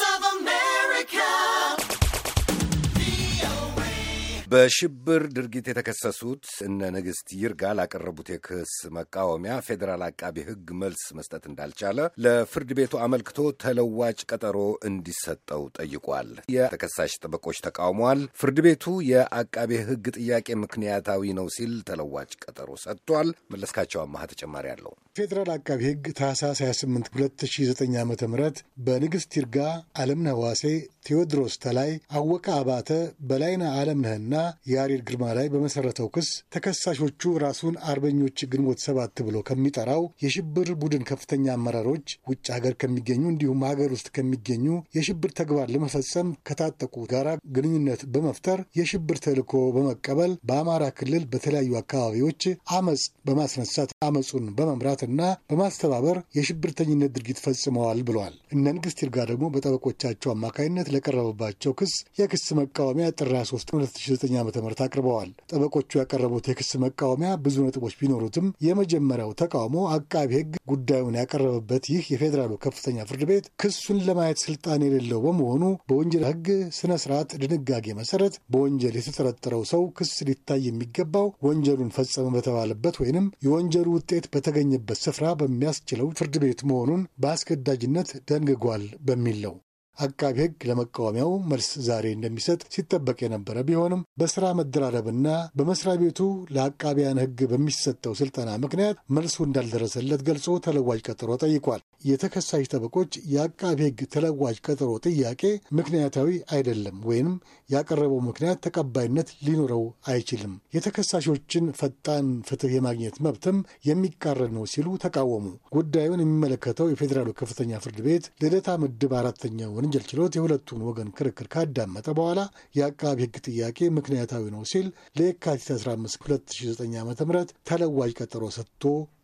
of America. በሽብር ድርጊት የተከሰሱት እነ ንግሥት ይርጋ ላቀረቡት የክስ መቃወሚያ ፌዴራል አቃቢ ሕግ መልስ መስጠት እንዳልቻለ ለፍርድ ቤቱ አመልክቶ ተለዋጭ ቀጠሮ እንዲሰጠው ጠይቋል። የተከሳሽ ጠበቆች ተቃውመዋል። ፍርድ ቤቱ የአቃቢ ሕግ ጥያቄ ምክንያታዊ ነው ሲል ተለዋጭ ቀጠሮ ሰጥቷል። መለስካቸው አማሃ ተጨማሪ አለው። ፌዴራል አቃቢ ሕግ ታህሳስ 28 2009 ዓ ም በንግሥት ይርጋ ዓለምን ሐዋሴ ቴዎድሮስ ተላይ፣ አወቀ አባተ፣ በላይነ አለምነህና የአሬድ ግርማ ላይ በመሠረተው ክስ ተከሳሾቹ ራሱን አርበኞች ግንቦት ሰባት ብሎ ከሚጠራው የሽብር ቡድን ከፍተኛ አመራሮች ውጭ ሀገር ከሚገኙ እንዲሁም ሀገር ውስጥ ከሚገኙ የሽብር ተግባር ለመፈጸም ከታጠቁ ጋራ ግንኙነት በመፍጠር የሽብር ተልዕኮ በመቀበል በአማራ ክልል በተለያዩ አካባቢዎች አመፅ በማስነሳት አመፁን በመምራትና በማስተባበር የሽብርተኝነት ድርጊት ፈጽመዋል ብለዋል። እነ ንግሥት ይርጋ ደግሞ በጠበቆቻቸው አማካይነት ለቀረበባቸው ክስ የክስ መቃወሚያ ጥር 23 2009 ዓ ም አቅርበዋል። ጠበቆቹ ያቀረቡት የክስ መቃወሚያ ብዙ ነጥቦች ቢኖሩትም የመጀመሪያው ተቃውሞ አቃቢ ሕግ ጉዳዩን ያቀረበበት ይህ የፌዴራሉ ከፍተኛ ፍርድ ቤት ክሱን ለማየት ስልጣን የሌለው በመሆኑ በወንጀል ሕግ ስነ ስርዓት ድንጋጌ መሰረት በወንጀል የተጠረጠረው ሰው ክስ ሊታይ የሚገባው ወንጀሉን ፈጸመ በተባለበት ወይንም የወንጀሉ ውጤት በተገኘበት ስፍራ በሚያስችለው ፍርድ ቤት መሆኑን በአስገዳጅነት ደንግጓል በሚል ነው። አቃቢ ሕግ ለመቃወሚያው መልስ ዛሬ እንደሚሰጥ ሲጠበቅ የነበረ ቢሆንም በስራ መደራረብና በመስሪያ ቤቱ ለአቃቢያን ሕግ በሚሰጠው ስልጠና ምክንያት መልሱ እንዳልደረሰለት ገልጾ ተለዋጭ ቀጠሮ ጠይቋል። የተከሳሽ ጠበቆች የአቃቤ ሕግ ተለዋጅ ቀጠሮ ጥያቄ ምክንያታዊ አይደለም ወይንም ያቀረበው ምክንያት ተቀባይነት ሊኖረው አይችልም፣ የተከሳሾችን ፈጣን ፍትህ የማግኘት መብትም የሚቃረን ነው ሲሉ ተቃወሙ። ጉዳዩን የሚመለከተው የፌዴራሉ ከፍተኛ ፍርድ ቤት ልደታ ምድብ አራተኛ ወንጀል ችሎት የሁለቱን ወገን ክርክር ካዳመጠ በኋላ የአቃቤ ሕግ ጥያቄ ምክንያታዊ ነው ሲል ለየካቲት 15 2009 ዓ ም ተለዋጅ ቀጠሮ ሰጥቶ